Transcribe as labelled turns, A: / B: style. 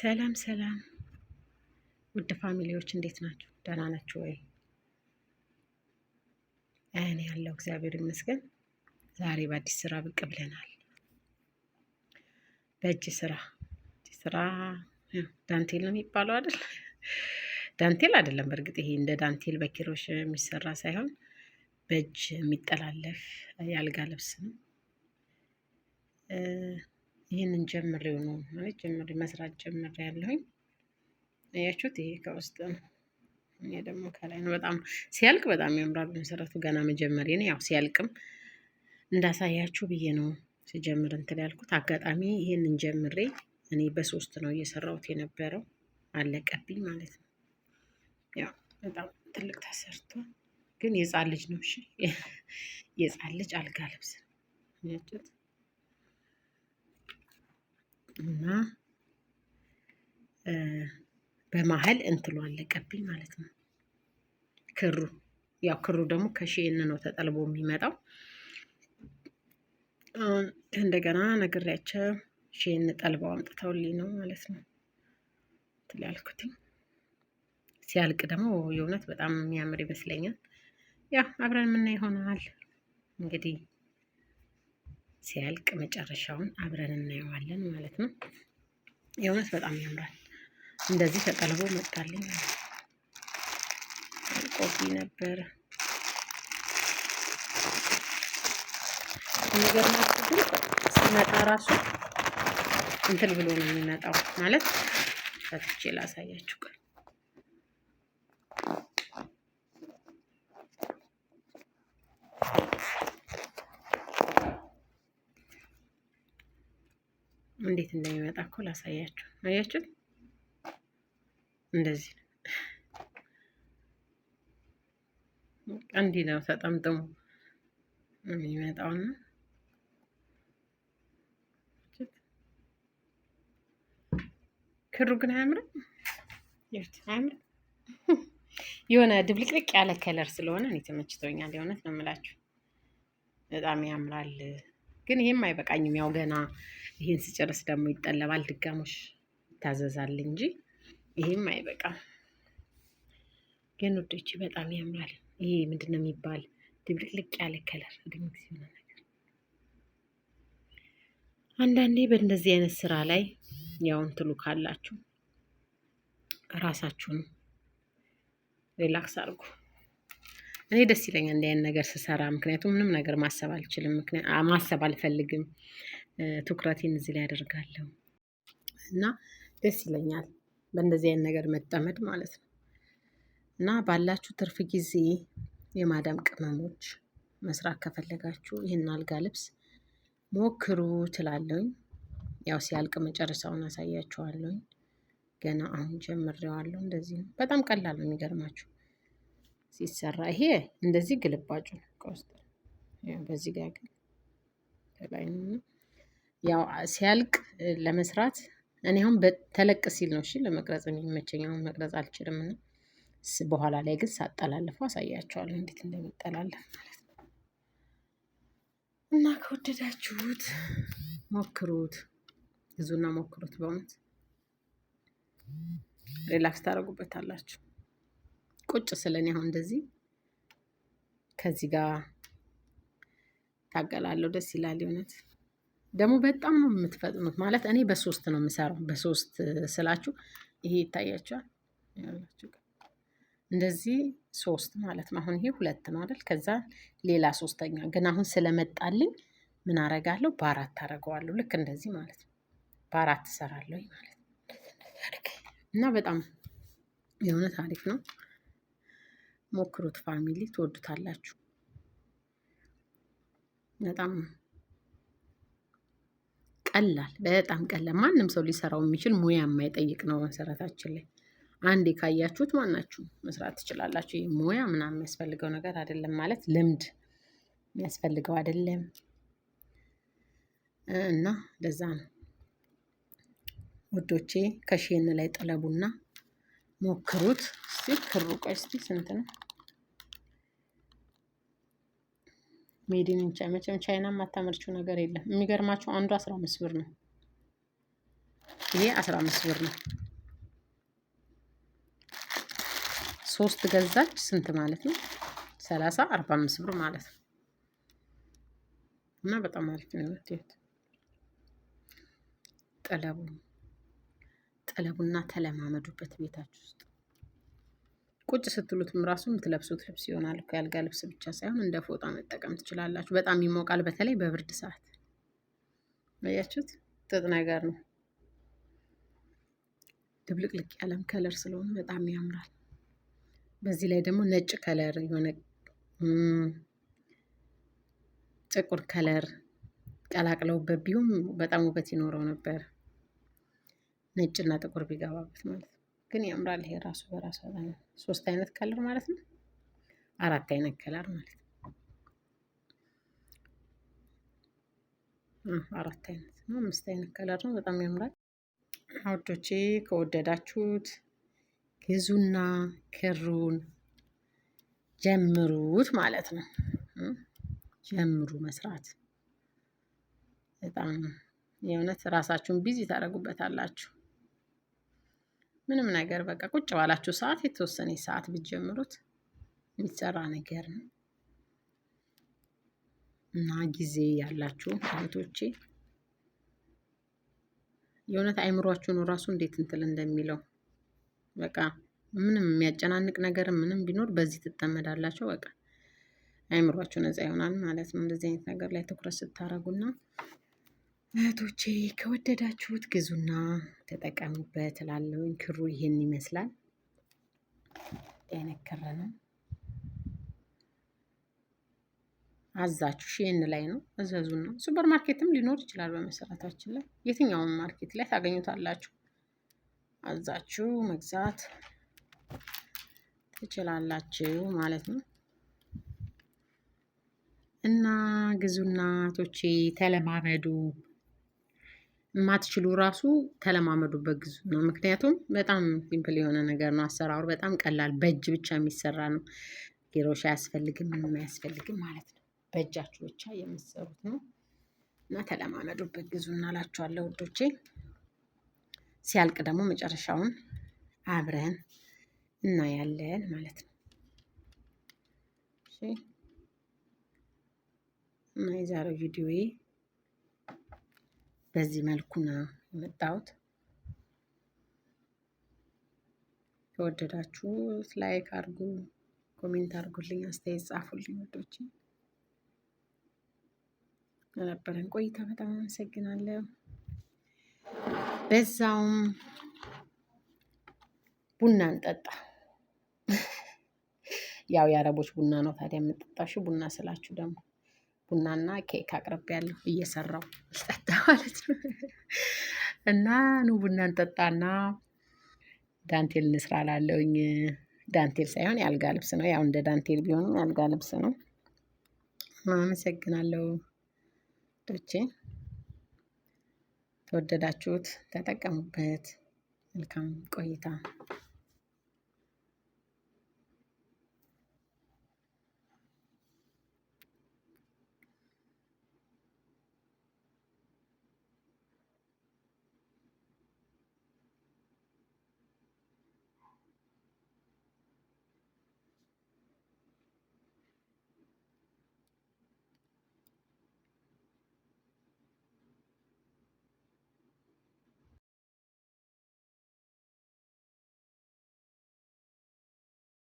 A: ሰላም ሰላም ውድ ፋሚሊዎች እንዴት ናቸው? ደህና ናችሁ ወይ? እኔ ያለው እግዚአብሔር ይመስገን። ዛሬ በአዲስ ስራ ብቅ ብለናል። በእጅ ስራ ስራ ዳንቴል ነው የሚባለው አይደል? ዳንቴል አይደለም። በእርግጥ ይሄ እንደ ዳንቴል በኪሮሽ የሚሰራ ሳይሆን በእጅ የሚጠላለፍ የአልጋ ልብስ ነው። ይህንን ጀምሬው ነው ማለት ጀምሬ መስራት ጀምሬ ያለሁኝ። አያችሁት? ይሄ ከውስጥ ነው። እኔ ደግሞ ከላይ ነው። በጣም ሲያልቅ በጣም ያምራል። መሰረቱ ገና መጀመሪያ ነው። ያው ሲያልቅም እንዳሳያችሁ ብዬ ነው ሲጀምር እንትል ያልኩት። አጋጣሚ ይህንን ጀምሬ እኔ በሶስት ነው እየሰራሁት የነበረው አለቀብኝ ማለት ነው። ያው በጣም ትልቅ ተሰርቶ ግን የጻን ልጅ ነው። እሺ የጻን ልጅ አልጋ ልብስ ነው። እና በመሀል እንትሉ አለቀብኝ ማለት ነው። ክሩ ያው ክሩ ደግሞ ከሺኤን ነው ተጠልቦ የሚመጣው። እንደገና ነግሬያቸው ሺኤን ጠልበው አምጥተውልኝ ነው ማለት ነው ትል ያልኩትኝ። ሲያልቅ ደግሞ የእውነት በጣም የሚያምር ይመስለኛል። ያው አብረን የምናይ ይሆናል እንግዲህ ሲያልቅ መጨረሻውን አብረን እናየዋለን ማለት ነው። የእውነት በጣም ያምራል። እንደዚህ ተጠልቦ መጣልኝ። ቆቢ ነበር የሚገርማችሁ ግን ሲመጣ ራሱ እንትን ብሎ ነው የሚመጣው ማለት ፈትቼ ላሳያችሁ። እንዴት እንደሚመጣ እኮ ላሳያችሁ። አያችሁት? እንደዚህ ነው። ነው ተጠምጥሞ የሚመጣውና ክሩ ግን አያምርም። አያምርም። የሆነ ድብልቅልቅ ያለ ከለር ስለሆነ እኔ ተመችቶኛል። የእውነት ነው የምላችሁ፣ በጣም ያምራል። ግን ይሄም አይበቃኝም ያው ገና ይሄን ስጨርስ ደግሞ ይጠለባል። ድጋሞሽ ይታዘዛል እንጂ ይህም አይበቃም። ግን ውዶች በጣም ያምራል። ይሄ ምንድን ነው የሚባል ድብልቅልቅ ያለ ከለር ድምቅ ሲሆነ ነገር አንዳንዴ በእንደዚህ አይነት ስራ ላይ ያው እንትሉ ካላችሁ ራሳችሁን ሪላክስ አድርጉ። እኔ ደስ ይለኛል እንዲህ አይነት ነገር ስሰራ፣ ምክንያቱም ምንም ነገር ማሰብ አልችልም፣ ማሰብ አልፈልግም። ትኩረቴን እዚህ ላይ አደርጋለሁ እና ደስ ይለኛል በእንደዚህ አይነት ነገር መጠመድ ማለት ነው። እና ባላችሁ ትርፍ ጊዜ የማዳም ቅመሞች መስራት ከፈለጋችሁ ይህን አልጋ ልብስ ሞክሩ ትላለኝ። ያው ሲያልቅ መጨረሻውን አሳያችኋለኝ። ገና አሁን ጀምሬዋለሁ። እንደዚህ ነው፣ በጣም ቀላል ነው። የሚገርማችሁ ሲሰራ ይሄ እንደዚህ ግልባጩ ነው በዚህ ጋር ግን ነው። ያው ሲያልቅ ለመስራት እኔ አሁን ተለቅ ሲል ነው እሺ ለመቅረጽ የሚመቸኛውን መቅረጽ አልችልም እና በኋላ ላይ ግን ሳጠላልፈው አሳያቸዋለሁ እንዴት እንደሚጠላለፍ ማለት ነው። እና ከወደዳችሁት ሞክሩት፣ ብዙና ሞክሩት። በእውነት ሪላክስ ታደርጉበት አላችሁ። ቁጭ ስለኔ አሁን እንደዚህ ከዚህ ጋር ታገላለሁ። ደስ ይላል የእውነት። ደግሞ በጣም ነው የምትፈጥኑት። ማለት እኔ በሶስት ነው የምሰራው። በሶስት ስላችሁ ይሄ ይታያችኋል። እንደዚህ ሶስት ማለት ነው። አሁን ይሄ ሁለት ነው አይደል? ከዛ ሌላ ሶስተኛ ግን አሁን ስለመጣልኝ ምን አረጋለሁ? በአራት አረገዋለሁ። ልክ እንደዚህ ማለት ነው። በአራት እሰራለሁ ማለት ነው። እና በጣም የሆነ አሪፍ ነው። ሞክሩት ፋሚሊ፣ ትወዱታላችሁ በጣም ቀላል፣ በጣም ቀላል ማንም ሰው ሊሰራው የሚችል ሙያ የማይጠይቅ ነው። መሰረታችን ላይ አንዴ ካያችሁት ማናችሁ መስራት ትችላላችሁ። ይህ ሙያ ምናምን የሚያስፈልገው ነገር አይደለም ማለት ልምድ የሚያስፈልገው አይደለም እና ለዛ ነው ውዶቼ ከሼን ላይ ጥለቡና ሞክሩት። እስቲ ክሩ ቆይ እስቲ ስንት ነው? ሜድን መቼም ቻይና የማታመርችው ነገር የለም። የሚገርማቸው አንዱ አስራ አምስት ብር ነው። ይሄ አስራ አምስት ብር ነው። ሶስት ገዛች ስንት ማለት ነው? ሰላሳ አርባ አምስት ብር ማለት ነው። እና በጣም አሪፍ ነው። ጠለቡ ጠለቡና ተለማመዱበት ቤታችሁ ውስጥ ቁጭ ስትሉትም ራሱ የምትለብሱት ልብስ ይሆናል። የአልጋ ልብስ ብቻ ሳይሆን እንደ ፎጣ መጠቀም ትችላላችሁ። በጣም ይሞቃል፣ በተለይ በብርድ ሰዓት። አያችሁት? ጥጥ ነገር ነው። ድብልቅልቅ ያለም ከለር ስለሆነ በጣም ያምራል። በዚህ ላይ ደግሞ ነጭ ከለር የሆነ ጥቁር ከለር ቀላቅለውበት ቢሆን በጣም ውበት ይኖረው ነበር። ነጭና ጥቁር ቢገባበት ማለት ነው። ግን ያምራል። ይሄ ራሱ በራሱ ሶስት አይነት ከለር ማለት ነው። አራት አይነት ከለር ማለት ነው። አራት አይነት ነው። አምስት አይነት ከለር ነው። በጣም ያምራል። አውዶቼ ከወደዳችሁት ግዙና ክሩን ጀምሩት ማለት ነው። ጀምሩ መስራት በጣም የእውነት ራሳችሁን ቢዚ ታደርጉበታላችሁ። ምንም ነገር በቃ ቁጭ ባላችሁ ሰዓት የተወሰነ ሰዓት ብትጀምሩት የሚሰራ ነገር ነው እና ጊዜ ያላችሁ እህቶቼ የእውነት አይምሯችሁን ራሱ እንዴት እንትል እንደሚለው በቃ ምንም የሚያጨናንቅ ነገር ምንም ቢኖር በዚህ ትጠመዳላችሁ። በቃ አይምሯችሁ ነፃ ይሆናል ማለት ነው። እንደዚህ አይነት ነገር ላይ ትኩረት ስታደርጉና እህቶቼ ከወደዳችሁት ግዙና ተጠቀሙበት እላለሁኝ። ክሩ ይሄን ይመስላል። አይነት ነው። አዛችሁ ይህን ላይ ነው ነው። ሱፐር ማርኬትም ሊኖር ይችላል። በመሰረታችን ላይ የትኛውን ማርኬት ላይ ታገኙታላችሁ። አዛችሁ መግዛት ትችላላችሁ ማለት ነው። እና ግዙና ቶቼ ተለማመዱ። የማትችሉ ራሱ ተለማመዱበት ግዙ ነው። ምክንያቱም በጣም ሲምፕል የሆነ ነገር ነው። አሰራሩ በጣም ቀላል በእጅ ብቻ የሚሰራ ነው። ጌሮሽ አያስፈልግም፣ ምንም አያስፈልግም ማለት ነው። በእጃችሁ ብቻ የሚሰሩት ነው እና ተለማመዱበት ግዙ እናላችኋለሁ ውዶቼ። ሲያልቅ ደግሞ መጨረሻውን አብረን እናያለን ማለት ነው። እና የዛሬው ቪዲዮ በዚህ መልኩ ነው የመጣሁት። ከወደዳችሁት ላይክ አድርጉ፣ ኮሜንት አድርጉልኝ፣ አስተያየት ጻፉልኝ። ወዶች ለነበረን ቆይታ በጣም አመሰግናለሁ። በዛውም ቡና እንጠጣ። ያው የአረቦች ቡና ነው ታዲያ የምንጠጣሽ ቡና ስላችሁ ደግሞ ቡናና ኬክ ያለሁ እየሰራው ስጠጣ ማለት ነው እና ኑ ቡና እንጠጣና ዳንቴል እንስራ ላለውኝ ዳንቴል ሳይሆን የአልጋ ልብስ ነው። ያው እንደ ዳንቴል ቢሆንም የአልጋ ልብስ ነው። አመሰግናለሁ ቶቼ። ተወደዳችሁት፣ ተጠቀሙበት። መልካም ቆይታ